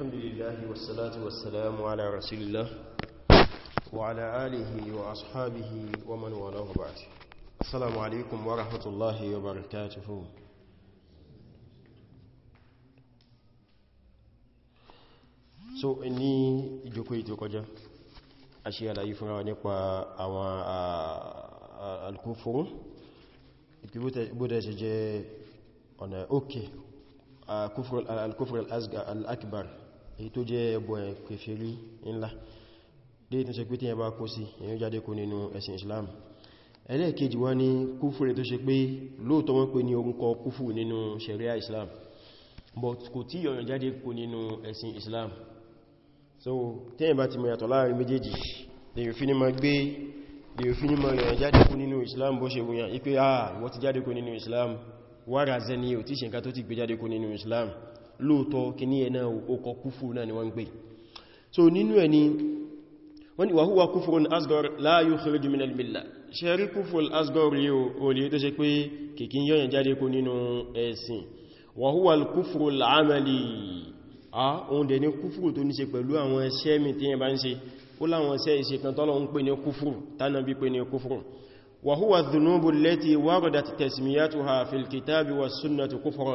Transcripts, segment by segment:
الحمد لله والصلاة والسلام على رسول الله وعلى آله وأصحابه ومن والاه بعد السلام عليكم ورحمة الله وبركاته so ní ijoko yìí tó kọjá a ṣe àlàyé fúnra wa nípa àwọn alkúfúrú ìpí bóòdẹ̀ ṣe jẹ́ ọ̀nà òkè alkúfúrú al'akbar èyí tó jẹ́ ẹbọ ẹ̀ kèfèrí ńlá déyìí tó ṣe pé tí ẹ bá kó sí èyí jáde kó nínú ẹ̀sìn Islam ẹlẹ́ẹ̀kejì wá ní kúfúrẹ̀ tó ṣe pé lóòtọ́ wọ́n pè ní orúkọ kúfù nínú sharia Islam but kò tí yọ̀yàn jáde kó nínú ẹ̀sìn Islam so tí ẹ bá ti mọ̀yàtọ̀ láàrin méjèèjì lè yóò fi ní ma gbé lè fi ní ma yọ̀yàn jáde kó nínú Islam bó ṣe wùyàn ipé ah wọ́n ti jáde kó nínú Islam wára zẹni ò tí ṣe nǹkan tó ti gbé jáde kó nínú Islam lóòtọ́ kì ní ẹ̀nà ọkọ̀ kúfù náà ni wọ́n ń so nínú ẹ̀ ni wọ́n ni wàhúwà kúfù ní asgore la yukhriju min al-millah ṣe rí kúfù asgore yíò olè tó ṣe pé kìkí yọ́nyẹ̀ jáde kó nínú ẹ̀sìn wàhúwà kúfù al-amali a òun dẹ̀ ní kúfù tó ní ṣe pẹ̀lú àwọn iṣẹ́ mi tí yẹn bá ń ṣe ó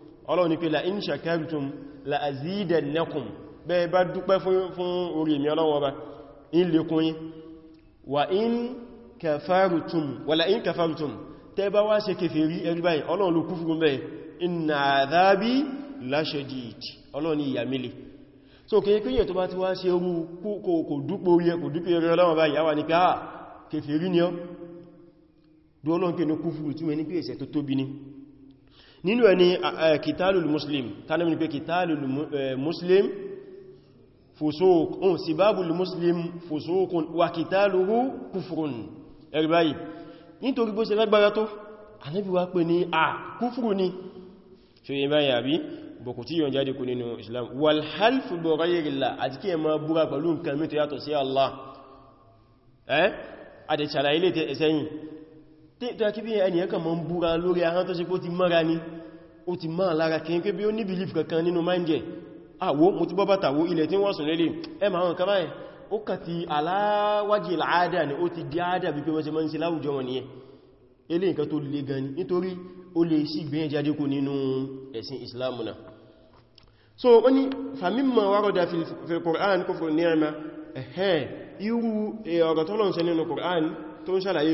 Ọlọ́run ní pé la in shakartum la azidannakum bẹ́ bá dúpẹ́ fún orí mi Ọlọ́run ọba in lékún yín wa in kafartum wala in kafartum tẹ́ bá wá ṣe kèfèrí ẹrí Ọlọ́run ló fún bẹ́ inna adhabi lashadid Ọlọ́run Ọlọ́run báyìí nínú ẹni kìtàlùl muslim tánà mi pé kìtàlùl e, muslim fusuk ohun sí bábùl muslim fusukun wà kìtàlùhú kúfùrùn ẹ̀rìbáyì nítorí bó ṣe lágbára tó Ànábì wá pé ní à kúfùrù ni ṣe yẹ báyìí àbí bọ̀kù tí yọ̀n jáde kú nínú islam walhalfu bi ghayril tó yẹ kí bí ẹniyàn kan mọ́ ń búra lórí ahán tó ṣe pé ó ti mọ́ra ní ó ti máa lára kí n pé bí ó ní belief kankan nínú mindje àwọ́ mo ti bọ́bátà wó ilẹ̀ tí wọ́n sùn ẹ ma wọn kama ó kà ti aláwájì ni ó ti di àádà bí pé wọ́n ṣe máa ń ṣe láwùjọ wọn ni ẹ ilé nǹkan tó so wọ́n ni famimma fil Qur'an kufru ni'ma ẹ̀hẹ́ irú eh, ọ̀rọ̀ tọ́lọ̀ ń ṣe nínú Qur'an tó ń ṣàlàyé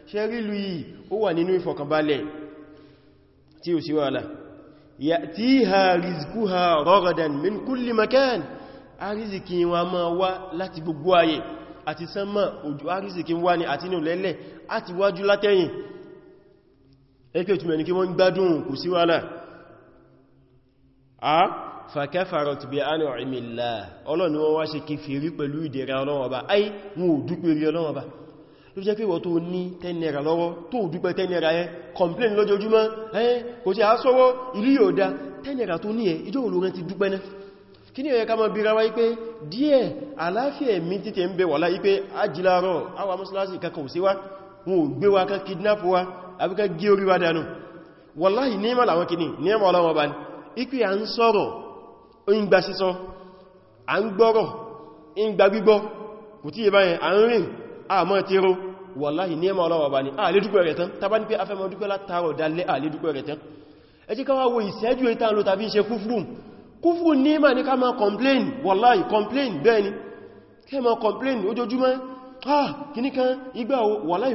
ṣe rílu yìí ó wà nínú ìfọ̀kànbalẹ̀ tí ó sí wàhálà ya'tiha rizquha ragadan min kulli makan arízikí wọn máa wá láti gbogbo ayé àti sánmà ojú arízikí wá ní àti nílẹ̀lẹ̀ àti wájú látẹ̀yìn ẹkẹ́ òtùmẹ̀ ní kí wọ́n gbádùn kò sí wàhálà a fakafarat bi an'imillah ọlọ́ni wọ́n ló jẹ́ pé wọ́n tó ní 10 naira lọ́wọ́ tó dúpẹ́ 10 naira ẹ complain lójoojúmọ́ ẹ kò tí a sọ́wọ́ ilé yóò dá 10 naira tó ní ẹ ìjọ olórin ti dúpẹ́ náà kí ní ẹ̀yẹ ká mọ́ bí ra wá wípé díẹ̀ àláfíà mi títẹ̀ ń bẹ wà láì pé ajílárọ̀ àwa mọ́sálásì kankan ò sí wá wọn ò gbé wa kan kidnap wa àbí kan gé orí wa dànù wàláhì ní ẹmà làwọn kìíní ní ẹmà ọlọ́wọ́ bá ní ipé à ń sọ̀rọ̀ ìgbà sísọ à ń gbọ́rọ̀ ìgbà gbígbọ́ kò tí yẹ báyẹn à ń rìn àmọ́ ti ró wàláhì ní ẹmọ ọlọ́wọ̀ bá ní àlédúpẹ́ rẹ̀ tán tàbá ní pé afẹ́mọ́ dúpẹ́ látàrọ̀ dalẹ́ àlédúpẹ́ rẹ̀ tán ẹ jẹ́ ká wá wo ìṣẹ́jú ìtàn ló tàbí ṣe kúfùrù kúfùrù ní mà ní ká máa complain wàláhì complain bẹ́ẹ̀ ni kẹ́ máa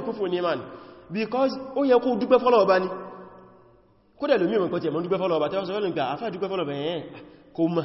complain because ó yẹ kó dúpẹ́ fọ́lọ́wọ̀ bá ní kó dẹ̀ lómi ìmọ̀ pẹ̀tẹ̀ mọ́ dúpẹ́ fọ́lọ́wọ̀ bá tẹ́wọ́ sọ́rọ̀ nígbà afẹ́ dúpẹ́ bẹ̀yẹn kó mọ́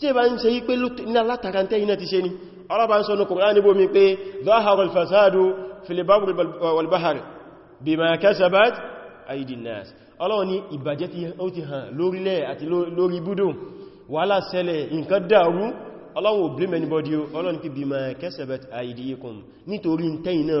tí ẹ bá ń ṣe yí pé iná látara tẹ́ iná ti ṣe ni ọlọ́bà ń sọ ní kùnrin níbo mi pé zahara alfasadu filibabri walbahar bí ma kasabat aidinas ọlọ́wọ́ ni ìbàjẹ́ ti hàn lórílẹ̀ àti lórí ibùdó wàhálà ṣẹlẹ̀ nǹkan dàrú ọlọ́wọ́ blame anybody ọlọ́ni pé bí ma kasabat aidikum nítorí tẹ́yìn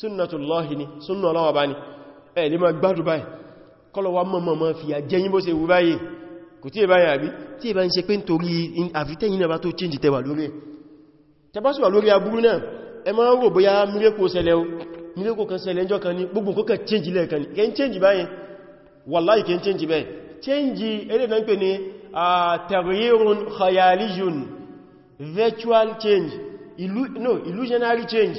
sunnatullahi ni sunna Ọlọ́run bá ní ẹ̀ lè máa gbádùn báyìí kọ́lọ̀ wá mọ́ mọ́ fi àjẹyìn bó ṣe wú báyìí kò tí ìbáyìí àbí tí ìbáyìí ṣe pé nítorí àfitẹ́yìn náà bá tó change tẹwà lórí ẹ̀ tẹbásùwà lórí aburú náà ẹ máa ń rò bóyá miracle ṣẹlẹ̀ o miracle kan ṣẹlẹ̀ ẹjọ́ kan ní gbogbo nǹkan kan change lẹ́ẹ̀kan ní change báyìí wallahi kẹ́ń change bẹ́ẹ̀ change ẹlẹ́ náà ń pè ní taghyirun virtual change illusionary change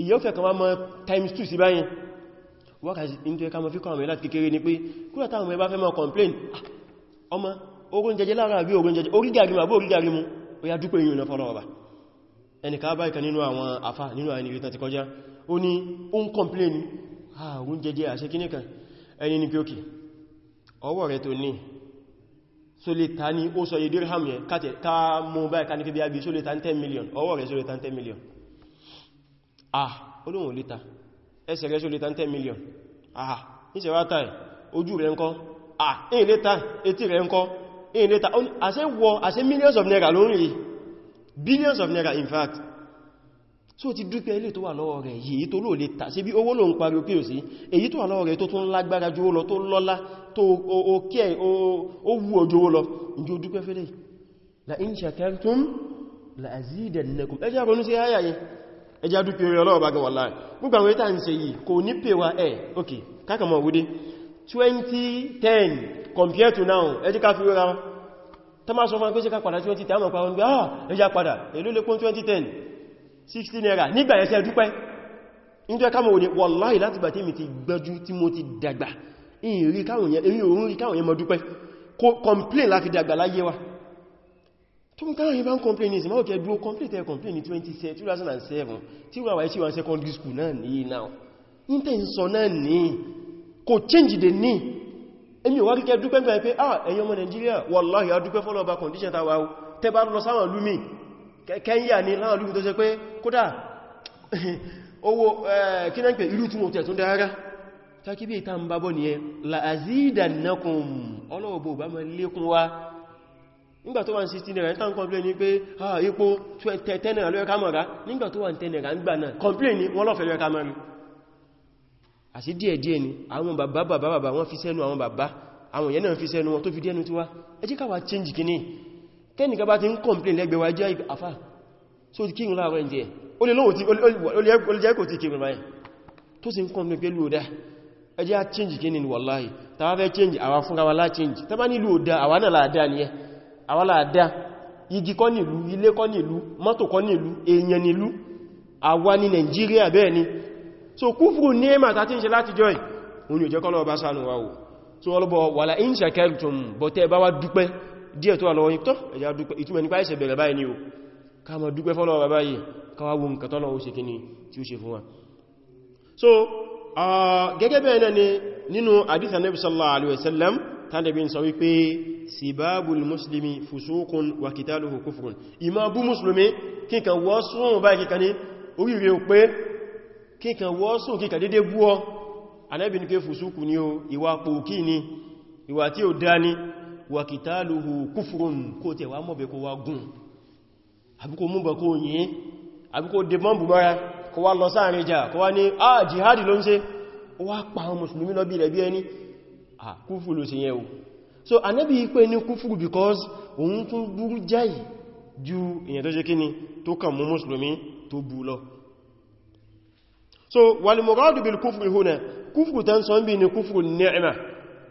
ìyọ́fẹ́ kan máa times 2 sí báyìí wákàtí tó ẹka mọ̀ fíkọ́ àwọn ìlàtí kékeré ni pé kúrò táwọn ọmọ ẹbá fẹ́ máa complain ah, ọmọ ogun jẹjẹ lára àbí ogun jẹjẹ orí gàrí ma bó orí gàrí mu ó yá dúpẹ́ yìí lọ́fọ́ lọ́wọ́ bá ẹni ká bá ìkan nínú àwọn afá nínú àwọn ìrìtàn ti kọjá ó ní ó ń complain ah, ogun jẹjẹ àṣẹ kíní kan ẹni ni pé òkè ọwọ́ rẹ̀ tó ní so lè ta ní ó sọ yìí dirham yẹn ká mú báyìí ká ní kébí àbí so lè ta 10 million ọwọ́ rẹ̀ so lè ta 10 million ah olóhun lítà ẹsẹ̀ rẹ̀ ṣe lítà 10 million ah níṣẹ́ wá tàì ojú rẹ̀ ńkọ́ ah in lítà etí rẹ̀ ńkọ́ in lítà àṣẹ wọ àṣẹ millions of naira lórí yìí billions of naira in fact so ti dúpẹ́ ilé tó wà lọ́wọ́ rẹ̀ yìí tó lò lè tà sí bí owó ló ń parí òkè òsí èyí tó wà lọ́wọ́ rẹ̀ tó tún lágbára ju ó lọ tó lọ́lá tó òkè ó wú ojú ó lọ ìjú dúpẹ́ fẹ́lẹ̀ la in shakartum la azidannakum ẹjá ronú sí ayayin ẹjá dúpẹ́ orí ọlọ́ọ̀bá gan wàláì gbogbo àwọn ìta ń ṣe yìí kò ní pè wá ẹ̀ ok kákàmọ̀ wúdé 2010 compared to now ẹjí ká fi rọra tó máa sọ fún pé ṣe ká padà 2010 àmọ́ pàwọn gbé ah ẹjá padà èló lè kún 2010 16 naira nígbà ẹ̀ṣẹ́ dúpẹ́ nítorí kámọ̀ òní wàláì láti gbà tí mi ti gbẹ́jú tí mo ti dàgbà ìrìn rí káwọn yẹn mọ́ dúpẹ́ complain láti dàgbà láyé wa tó mú káwọn ìbá ń complain ní ìsìnmá òkè dúó complete ẹ̀ complain ní 2007 tí wà wà ìṣí wọn secondary school náà ní now intention náà ní kò change the ní Emi wá kíkẹ́ dúpẹ́ nípa pé ah ẹ̀yin ọmọ Nigeria wallahi adúpẹ́ fọ́lọ́ọ̀bá condition tàwà tẹ́ bá lọ Kenya ní láwọn lúmi tó ṣe pé kódà owó eh, kí náà pẹ̀ irú tí mo tẹ̀ tún dára takibí ìta ń bábọ́ ni ẹ la'azidannakum ọlọ́wọ́ bó bá mọ́ nígbà tó wà ní 16 naira ìtàn complain ní pé ah epo 10 naira lóyẹ kamara nígbà tó wà ní 10 naira nígbà náà complain ní wọ́n lọ́fẹ̀ lóyẹ kamara àti díẹ̀díẹ̀ ni àwọn bàbá bàbá bàbá wọ́n fi sẹ́nu àwọn bàbá àwọn yẹn náà fi sẹ́nu wọn tó fi díẹ̀nu tiwa ẹ jẹ́ ká wá change kìíní tẹ́nìkan bá ti ń complain lẹ́gbẹ̀ẹ́ wa jẹ́ àfà so ti kírun láàrọ̀ ẹ̀jẹ̀ ó lè lóòtí ó lè jẹ́ kò ti kírun báyìí tó sì ń complain pé lóòdá ẹ jẹ́ change kìíní wallahi tàbá fẹ́ change àwa fúnra wa lá change tàbá ní lóòdá àwa náà láàdá ni ẹ àwọn láàdá igi kọ́ nìlú ilé kọ́ nìlú mọ́tò kọ́ nìlú èèyàn nìlú àwa ní Nàìjíríà bẹ́ẹ̀ ni so kúfùrù ní èmà tàbí ìṣẹ́ láti jọ ìhun ìjẹ́ kọ́lọ̀ ọba sánú wa so ọlọ́bọ̀ wà lá in shakartum bọ̀tẹ́ bá wá dúpẹ́ díẹ̀ tó wà lọ́wọ́ yìí tọ́ ẹ̀yà dúpẹ́ ìtumẹ̀ nípa ìṣẹ̀ bẹ̀rẹ̀ báyìí so ah, gẹ́gẹ́ bẹ́ẹ̀ náà ni nínú hadith sallallahu alaihi wasallam tánàbí sọ wípé sibabul muslimi fusukun wa kitaluhu kufrun ìmá bú musulmi kíkan wọ́sùn báyìí kíkan ní oríire ò pé kíkan wọ́sùn kíkan dédé bú ọ Ànábì ní pé fusukun ni o ìwà pòkí ni ìwà tí ó dá ní wa kitaluhu kufrun kó tẹ̀ wá ah jihadi ló ń ṣe ó wá kúfù ló sí yẹn o so anẹ́bí pé ní kúfù because òun tún burú jáì ju èyàn tó jẹ́ kíni tó kàn mú mùsùlùmí tó bú lọ so walimuradu bil kúfù húnẹ̀ kúfù tán sọ ń bí ní kúfù ni'ma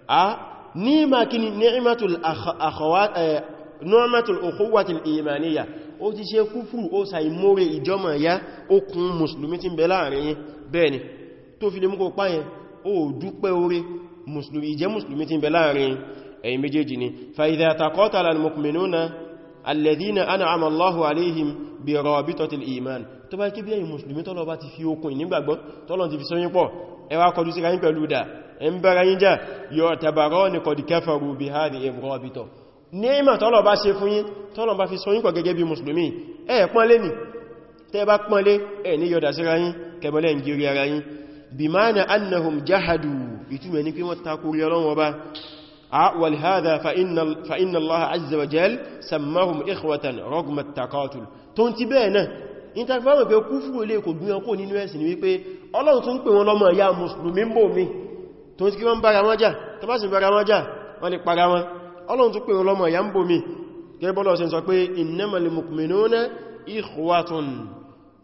a níma kíni ni'matul akhawat eh, normatul ukhuwatil imaniya ó ti ṣe kúfù ó sàìmóre ìjọmọ̀ ya ó kún mùsùlùmí tí ń bẹ láàrin yín bẹ́ẹ̀ni tó fi lè mú kó páyẹn ó dúpẹ́ orí musulmi ìjẹ́ musulmi ti bẹ láàrin ẹ̀yin méjèèjì ni fa idha taqatala al-mu'minuna alladhina an'ama Allahu alayhim bi rabitati al-iman tó bá kí bí ẹ̀yin musulmi tọ́lọ bá ti fi okùn nígbàgbọ́ tọ́lọ ti fi sọ́yìn pọ̀ ẹ wá kọjú sí ráyín pẹ̀lú dà ẹn bára yín jà yu'tabarani qad kafaru bi hadhihi rabita níma tọ́lọ bá ṣe fún yín tọ́lọ bá fi sọ́yìn pọ̀ gẹ́gẹ́ bí musulmi ẹ pọ́nlé ni tẹ́ bá pọ́nlé ẹ ní yọ̀dà sí ráyín kẹmọ́lẹ̀ ń gírí ara yín bi mana annahum jahadu ìtumọ̀ ní pé wọ́n takori ọlọ́wọ́ bá ولهذا فإن, فإن الله عز وجل سماهم إخوة رغم التقاتل tó ń ti bẹ́ẹ̀ náà in ta fáwọn pé kúfúrú ilé kò gbìyàn kò nínú ẹ̀sìn wípé Ọlọ́run tó ń pè wọn lọ́mọ ya mùsùlùmí ń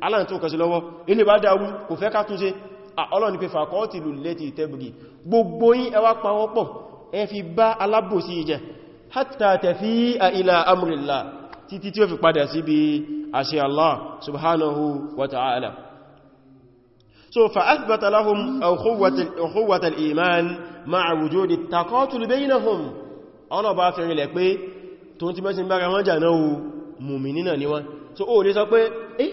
aláà tó kẹsì lọ́wọ́ ilé bá dáwú kò fẹ́ ká túnṣe ọlọ́ni pé fàkọ́ọ̀tìlù lẹ́tì ìtẹ́bùgì gbogbo yín ẹwà pàwọ́ pọ̀ ẹ fi bá alábòsí ìjẹ hatta tẹ̀fí ila amrilla títí tí ó so fa'athbata lahum ukhuwwata al-iman ma'a wujudi taqatul baynahum ọ̀nà bá fi rinlẹ̀ pé tó ti mẹ́sìn bára wọn jà náà mùmìnì náà ni wọ́n so ó lè sọ pé eh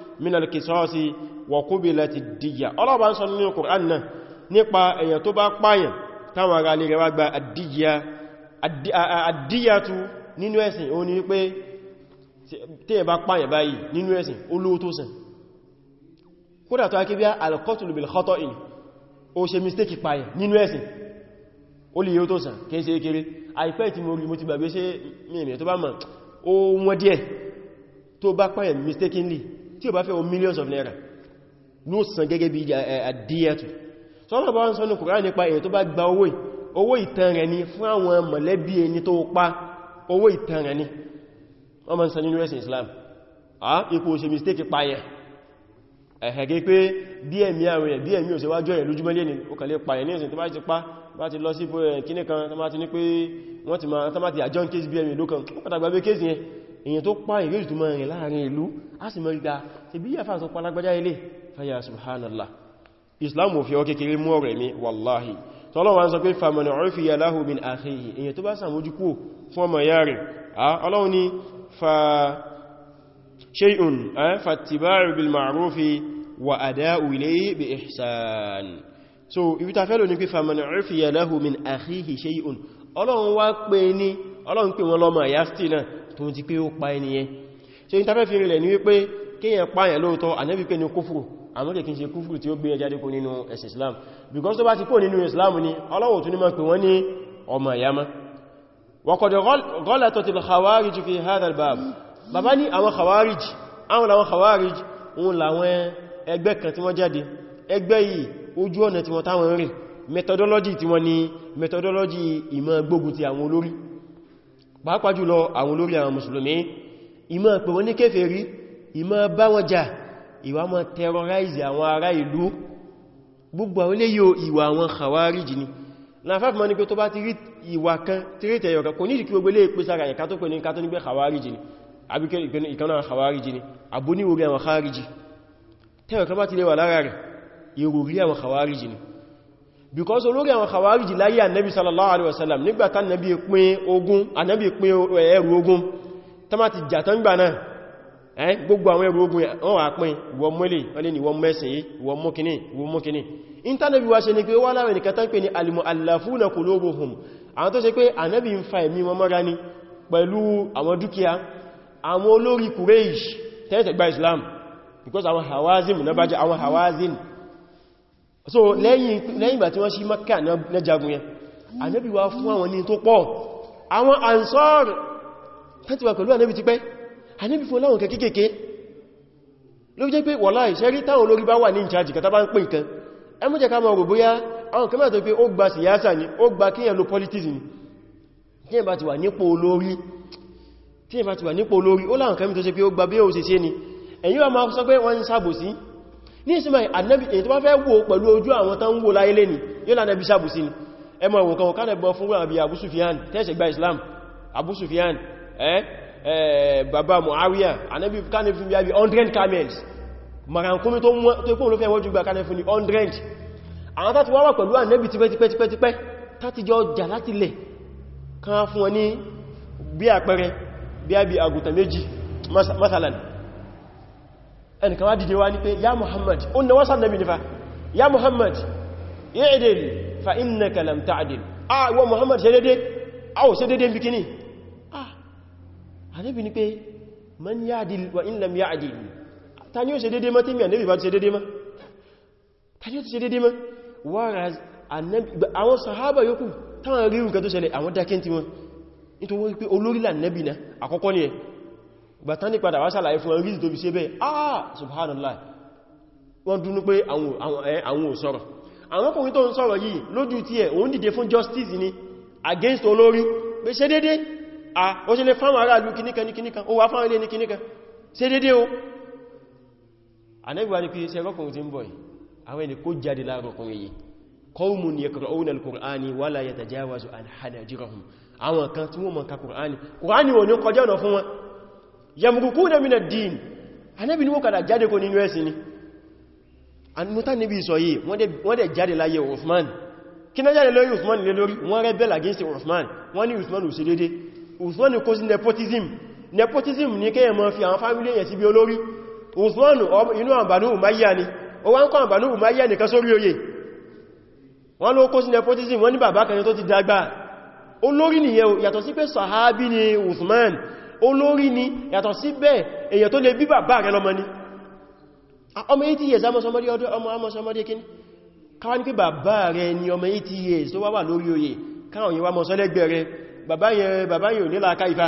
min al-qisasi wa qubilat ad-diyya ọlọ́bà ń sọ nínú Qur'an náà nípa èyàn tó bá pààyàn táwọn ará lè rẹwà gba ad-diyyatu nínú ẹ̀sìn o ní pé tí ẹ bá pààyàn báyìí nínú ẹ̀sìn olówó tó sàn kódà tó akébí al-qatlu bil-khata'i o ṣe mistake pààyàn nínú ẹ̀sìn ó lè yíó tó bá mọ̀ mistakenly tí ó bá fẹ́ o millions of naira ní ó san gẹ́gẹ́ bí àdíyàtù so wọ́n bá ń sọ ní Kùránì nípa èyí tó bá gba owó owó ìtàn rẹ̀ ni fún àwọn mọ̀lẹ́bí ẹni tó pa owó ìtàn rẹ̀ ni wọ́n ma ń san nínú Islam ah ipò ṣe mistake payẹ ẹ̀hẹ̀gẹ́ pé dmi àwẹ̀ dmi òṣèwájọ́ ẹ̀ lójúmọ́lé ni ó kàlẹ̀ payẹ ní ẹ̀sìn tó bá ti pa bá ti lọ sí kíníkan tó bá ti ní pé wọ́n ti àjọ́ kéèsì èyàn tó pa ìrètí tó máa rìn láàrin ìlú a sì mọ́ ìgbà tí bí yàfà tó palágbájá ilé fàyà subhanallah islam ò fi ọ kékeré mọ́ rẹ̀ ní wallahi tọ́lọ́wọ́n sọ pé faman ufiya lahu min akhihi èyàn tó bá sàmójúkú fún ọmọ ya rẹ̀ ọlọ́run ni fa shay'un fattiba'u bil ma'rufi wa ada'u ilayhi bi ihsan min akhihi ọlọ́run wá pè ní ọlọ́run pè wọn lọ́mọ ya stina tó ti pé ó pa ẹniyẹn so ìtafẹ́ fi rìnlẹ̀ ní wípé kíyàn pààyàn lóòtọ́ ànẹ́bí pé ní kúfùrù àmọ́ kìí ṣe kúfùrù tí ó gbé ẹjáde kó nínú ẹ̀sìn Islam because tó bá ti kó nínú Islam ni ọlọ́wọ̀ tún ní máa pè wọ́n ní ọmọ ìyámá waqad ghalatat al-khawarij fi hadha al-bab bàbá ní àwọn khawarij àwọn làwọn khawarij òun làwọn ẹgbẹ́ methodology tí methodology ìmọ̀ gbógun ti àwọn pàápàá jùlọ àwọn olórí àwọn mùsùlùmí ìmọ̀ pè wọ́n ní kèfèrí ìmọ̀ bá wọn jà ìwà mọ́ terrorize àwọn ará ìlú gbogbo àwọn ilé yóò ìwà àwọn khawarij ni láfáàfimọ́ ní pé tó bá ti rí ìwà kan tírítẹ̀ yọ̀kan kò ní ni àbí ìkanáà khawarij ni àbúníwòrí àwọn khawarij tẹ́yọ̀kan bá ti lè wà lára rẹ̀ ìròrí àwọn khawarij ni because olórí àwọn khawariji láyé annabi sallallahu alaihi wasallam nígbàtá annabi pín ogun annabi pín ẹrù ogun tó má ti jàtán gbà náà ẹ́ gbogbo àwọn ẹrù ogun wọ́n wà pín wọ́n mọ́lẹ̀ wọ́n lè ní wọ́n mẹ́sìn yìí wọ́n mọ́kíní wọ́n mọ́kíní intanẹ́bí wá ṣe ni pé wọ́n láwẹ̀ nìkan tán pé ní al-mu'allafuna qulubuhum àwọn tó ṣe pé annabi ń fa ẹ̀mí wọn mọ́ra ní pẹ̀lú àwọn dúkìá àwọn olórí Quraysh tẹ́ẹ̀tẹ̀ gba Islam because àwọn hawazim náà bá jẹ́ àwọn hawazim so lẹ́yìn ìgbà tí wọ́n ṣí Mẹ́kà ní jagun yẹn Ànábì wá fún àwọn ní tó pọ̀ àwọn Ansar láti wà pẹ̀lú Ànábì ti pẹ́ Ànábì fún láwọn kẹ́kẹ́kẹ́ ló jẹ́ pé wàláhì ṣẹ́rí táwọn olórí bá wà ní ìjájì kàtà bá ń pín nǹkan ẹ mú jẹ́ ká mọ̀ bóyá àwọn kan mẹ́ta pé ó gba siyasa ni ó gba ni kíyàn bá ti wà nípò olórí kíyàn bá ti wà nípò olórí ó láwọn kan mẹ́ta pé ó gba bí ní ìsinmi ànábì èyí tó bá fẹ́ wò pẹ̀lú ojú àwọn tán ń wò láyé lẹ́ni yóò lànà bí sàbùsí ni ẹmọ ìwò kan kánà gbọ́n fún àbí Abu Sufyan tẹ́ṣẹ̀ gba Islam Abu Sufyan bàbá Muawiya ànábì kánà fún bí 100 camels marankumi tó kún ló fẹ́ wọ́jú gba kánà fún ni 100 àwọn tàti wá wà pẹ̀lú ànábì tipẹ́tipẹ́tipẹ́ tàti jọ jà láti lẹ̀ kan fún wọn ní bí àpẹẹrẹ bí àbí àgùntàn méjì masalan ẹnìkan wá dìde wá ní pé ya muhammad o na wasa nabi nifa ya muhammad i'dil fa innaka lam ta'dil ah wa muhammad ṣe dédé ah o ṣe dédé bí kíní ah Ànábì ní pé man ya'dil wa in lam ya'dil ta ni ó ṣe dédé ma tí mi Ànábì bá ṣe dédé ma ta ni ó ṣe dédé ma whereas àwọn sahaba yòókù táwọn rí gbàtán ní padà wá sàlàyé fún orí tó fi ṣe bẹ́ ah subhanallah wọ́n dúnú pé àwọn ò sọ̀rọ̀ àwọn ọkùnrin tó ń sọ̀rọ̀ yìí lójú tí ẹ̀ òun dìde fún justice ni against olórí pé ṣe dédé ah ó ṣe lè fáwọn ará ìlú kìníkan ní kìníkan ó wá fáwọn ilé ní kìníkan ṣe dédé o anẹ́gbà ni pé ṣe rọ́kùnrin ti ń bọ̀ àwọn ẹni kó jáde lárọ̀kùnrin yìí qawmun yaqra'una al-qur'ani wa la yatajawazu an hanajirahum àwọn kan tí wọ́n mọ̀ ka qur'ani qur'ani wọ́n ní kọjá ọ̀nà fún wọn yamrukuna min ad-din Ànábì ní wọ́n kada jáde ko nínú ẹ̀sìn ni anuta nabi sọ yìí wọ́n dẹ̀ wọ́n dẹ̀ jáde láyé Uthman kina jáde lórí Uthman lé lórí wọ́n rebel against Uthman wọ́n ní Uthman ò ṣe dédé Uthman kò sí nepotism nepotism ni ke má fi àwọn family yẹn sí bí olórí Uthman inú an Banu Umayya ni ó wá ńkọ́ an Banu Umayya ni kan oyè wọ́n ló kó sí nepotism wọ́n ní bàbá kan tó ti dàgbà olórí nìyẹn yàtọ̀ sí pé sahabi ni Uthman olórí ni yàtọ̀ sí bẹ́ẹ̀ èyàn tó lè bí bàbá rẹ̀ lọ́mọ ni ọmọ 80 years amọ́sọmọdé ọdún ọmọ amọ́sọmọdé kí ní káwà ní pé bàbá rẹ̀ ni ọmọ 80 years tó wá wà lórí oyè káwọn yíwá mọ́ sọ́lẹ́gbẹ̀ rẹ̀ bàbá yẹn bàbá yẹn ò ní láàká ìfà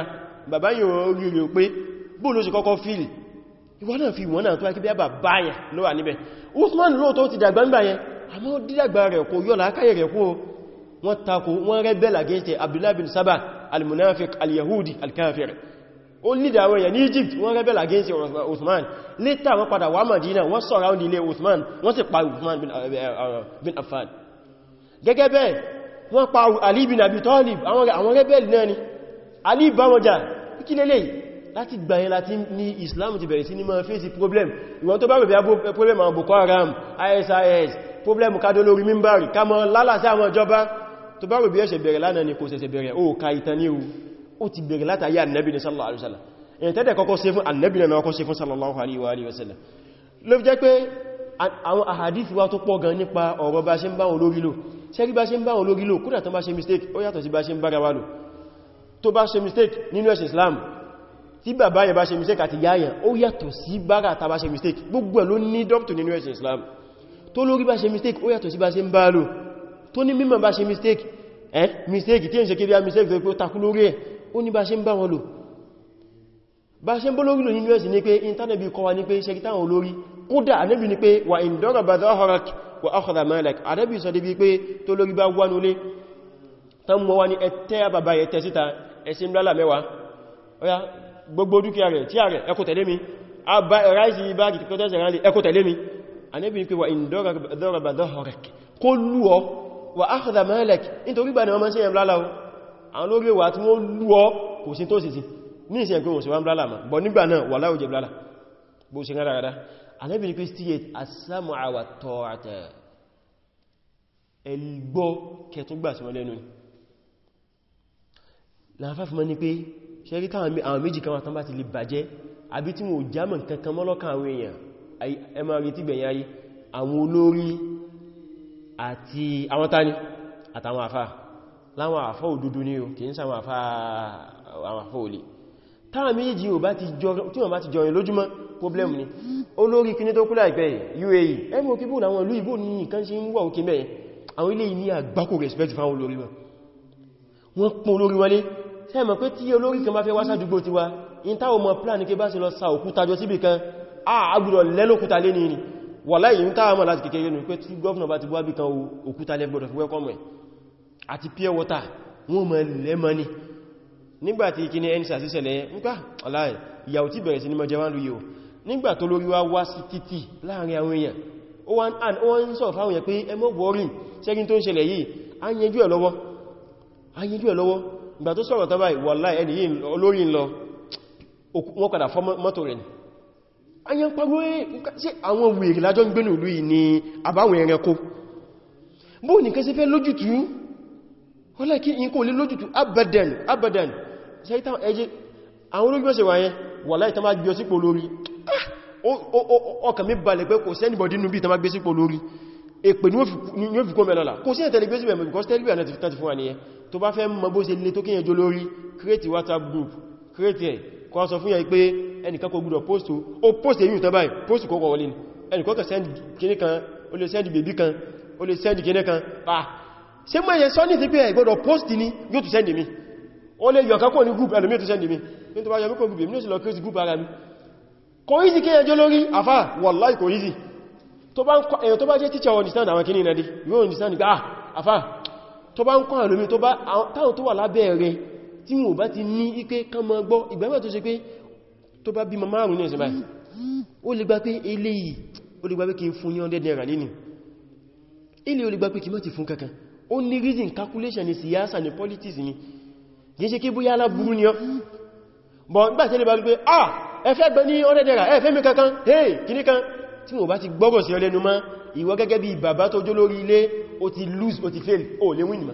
bàbá yẹn orí rẹ̀ pé bóòlù sí kọ́kọ́ fíìlì ìwọ́n wọ́n rẹ̀ kò yọ́ làákàyè rẹ̀ kó wọ́n tako ó lead àwọn èèyàn ní Egypt wọ́n rebel against Uthman later wọ́n padà wá Madina wọ́n surround ilé Uthman wọ́n sì pa Uthman eh, eh, eh, bin Affan gẹ́gẹ́ bẹ́ẹ̀ wọ́n pa Ali bin Abi Talib àwọn rebel náà ni Ali bá wọn jà kí lélẹ̀ láti gbàyẹn láti ní Islam ti bẹ̀rẹ̀ sí ní máa face problem ìwọ̀n tó bá bẹ̀rẹ̀ problem àwọn Boko Haram ISIS problem kádó lórí mímbàrí ká mọ́ lálàsí àwọn ìjọba tó bá rò bí ẹ̀ṣẹ̀ bẹ̀rẹ̀ lánàá ni kò ṣẹ̀ṣẹ̀ bẹ̀rẹ̀ ó ka ìtàn ní ewu ó ti bẹ̀rẹ̀ látàrí annabi ni sallallahu alaihi wasallam èyí tẹ́dẹ̀ kọ́kọ́ ṣe fún annabi na kọ́kọ́ ṣe fún sallallahu alaihi wasallam ló fi jẹ́ pé àwọn àhàdífì wá tó pọ̀ gan nípa ọ̀rọ̀ bá ṣe ń bá olórí lò ṣẹ́rí bá ṣe ń bá olórí lò kúrò tó bá ṣe mistake ó yàtọ̀ sí bá ṣe ń bára wá lò tó bá ṣe mistake nínú ẹ̀sìn Islam tí bàbá yẹn bá ṣe mistake àti yáyàn ó ní bá ṣe ń bá wọn lò bá ṣe ń bó lórí lò nínú ẹ̀sìn ní pé intanẹ̀bì kọwa ní pé ṣẹ́kítà àwọn olórí kódà anẹ́bì ní pé wà in daraba dhaharak wà akhadha malak anẹ́bì sọ débi pé tó lórí bá wà nulé tán mọ́ wá ní ẹ̀tẹ́ bàbá ẹ̀tẹ́ mi àbá ẹ̀ráìsì báàgì tó tẹ́sẹ̀ rẹ̀ ẹkù tẹ̀lé mi anẹ́bì ní in daraba dhaharak kó lú ọ wà akhadha malak nítorí gbà ní ọmọ sí ẹ̀m àwọn lórí ìwà tí wọ́n lú ọ kò sí tó sì sí ní ìsìn ẹ̀kùn òṣèwà ń blálà mọ̀ bọ̀ nígbà náà wà láwọ́ jẹ blálà bó ṣe rárá rárá Ànábì ní kristi yẹ asámù àwà tọ́ àtẹ̀ ẹgbọ́ kẹtùgbà sí wọn lẹ́nu láfáfimọ́ ni pé ṣe rí káwọn àwọn méjì kan tán bá ti lè àtàwọn àfáà láwọn àfá òdúdú ní o kìí sáwọn àfá òlè táà méjì tí wọ́n bá ti jọrin lójúmọ́ problemu ni olórí kí ní tó kúlá ìpẹ́ UAE ẹmọ kí bó láwọn ìlú ìbò ní nǹkan ṣe ń wà òkè mẹ́yẹn àwọn respect wa in táwọn mọ̀ plan ní kí bá ṣe lọ sa òkúta jọ síbì kan àgbùrọ̀ lẹ́lòkúta lé ní wà láyìí ń táwọn mọ̀ láti kékeré nù pé tí gọ́ọ̀nà bá ti bọ́ bí kan òkúta lẹ́gbọ́dọ̀ fi wẹ́kọ́mọ̀ ẹ̀ àti pure water wọ́n mọ̀ lẹ́mọ́ ní nígbàtí kí ní ẹni sàṣíṣẹ̀lẹ̀ nígbà aláì ìyàwó tí bẹ̀rẹ̀ sí ní mọ́jẹ́ wá lórí o nígbà tó lórí wá wá sí títì láàrin àwọn èèyàn ó wá ń sọ fáwọn èèyàn pé ẹmọ́ wọ́rin ṣẹ́gin tó ń ṣẹlẹ̀ yìí a ń yẹjú ẹ̀ lọ́wọ́ ìgbà tó sọ̀rọ̀ tọ́bá wallahi ẹni yìí ni a yẹn sí àwọn wèrè lájọ́ ń gbénú ìlú yìí ni àbáwọn ẹranko bóò nìkan sí lójútùú wọ́n lẹ́kí ikú olè lójútù abadan abadan ṣaitan ẹjẹ́ àwọn olóògbẹ́sẹ̀ wáyé wà láì tán bá gbé sípò lórí ah, ọkàn mi balẹ̀ pé kò sẹ́nìbọ̀ dínú bí tán bá gbé sípò lórí èpè ní ó fi kó mẹ́lọ́lá kò sí ẹ̀tẹ̀lẹ̀ gbé sípò because telegram náà ti tán ti fún wa ní ẹ tó bá fẹ́ mọ bó ṣe lè tó kíyàn jó lórí create whatsapp group create ẹ̀ kọ́ sọ fún yà pé ẹnìkan kò gbúdọ̀ post o post èyí tán báyìí post kọ́kọ́ wọlé ẹnìkan kan send kíní kan o lè send baby kan o le send kíní kan Ah ṣe mọ́ ẹ̀yẹ sọ́ní ti pé ẹ̀ gbọ́dọ̀ post ní yóò tún sẹ́ndì mi o lè yọ̀ kankọ́ ní group ẹlòmí tún sẹ́ndì mi ní tó bá yọ mẹ́kọ̀ group èmi ní òsìlọ kírísì group ara mi kò easy kí ẹjọ́ lórí àfá wallahi kò easy èyàn tó bá jẹ́ teacher understand àwọn kìíní ìnàdí yóò understand pé ah, àfá tó bá ń kọ́ ẹlòmí táwọn tó wà lábẹ́ rẹ tí wọ́n bá ti ní ike kan mọ́ gbọ́ ìgbẹ́mọ̀ tó ṣe pé tó bá bí márùn-ún ní ẹ̀sìn báyìí ó lè gbà pé eléyìí ó lè gbà pé kí n fún yán dẹ́dẹ̀ rà nínú ilé ó kí mọ́ ti fún kankan Only ní reason calculation ni siyasa ni politics ni yẹ́ ṣe kí bóyá aláburú ni ọ́ bọ̀ nígbà tẹ́lẹ̀ bá wípé ah ẹfẹ́ gbẹ́ ní ọ̀rẹ́ dẹ̀ra ẹfẹ́ mi kankan hey kìní kan tí mo bá ti gbọ́gọ̀ sí ọlẹ́nu má ìwọ gẹ́gẹ́ bí bàbá tó jó lórí ilé ó ti lose ó ti fail ó lè win ma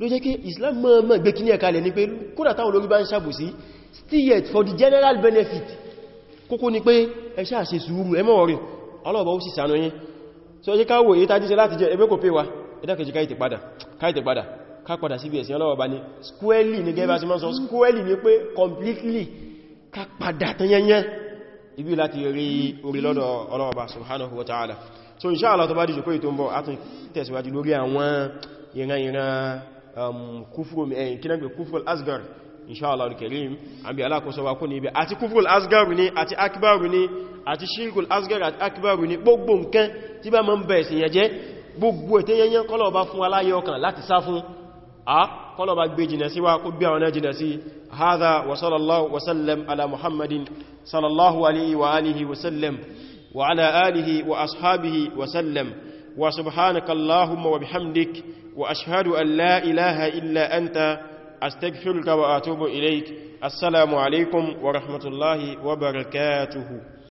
ló jẹ́ kí Islam mọ́ gbé kìní ẹ̀kalẹ̀ ni pé kódà táwọn olórí bá ń ṣàbòsí still yet for the general benefit kókó ni pé ẹ ṣáà ṣe sùúrù ẹ mọ́ ọ̀rẹ́ ọlọ́ọ̀bá ó sì sànú yẹn so jẹ́ ká wòye tájí ṣe láti jẹ ẹgbẹ́ kò pé wa ẹ̀dàkejì káyìtì padà káyìtì padà ká padà sí bẹ̀ẹ̀sì ọlọ́wọ́ bá ní squarely ní gẹ́bà sí mọ́sán squarely ní pé completely ká padà tanyẹnyẹ ibi láti rí orí lọ́dọ̀ ọlọ́wọ́ bá subhanahu wa ta'ala so inṣáàlá tó bá dìjọ pé ìtò ń a tún tẹ̀síwájú lórí àwọn ìran um, eh, asgar inṣáàlá al-karim àbí alákọsọ wa kú asgar ní àti akbar ní àti shirkul asgar àti akbar ní gbogbo nǹkan tí bá mọ́ ń bẹ̀ẹ̀sì yẹn jẹ́ gbogbo ètẹ́ yẹnyẹn kọ́lọ̀ bá fún aláyẹ ọkàn láti sá fún a kọ́lọ̀ bá gbé jìnà sí wa kó gbé àwọn jìnà sí haza wa sallallahu wa sallam ala muhammadin sallallahu alihi wa alihi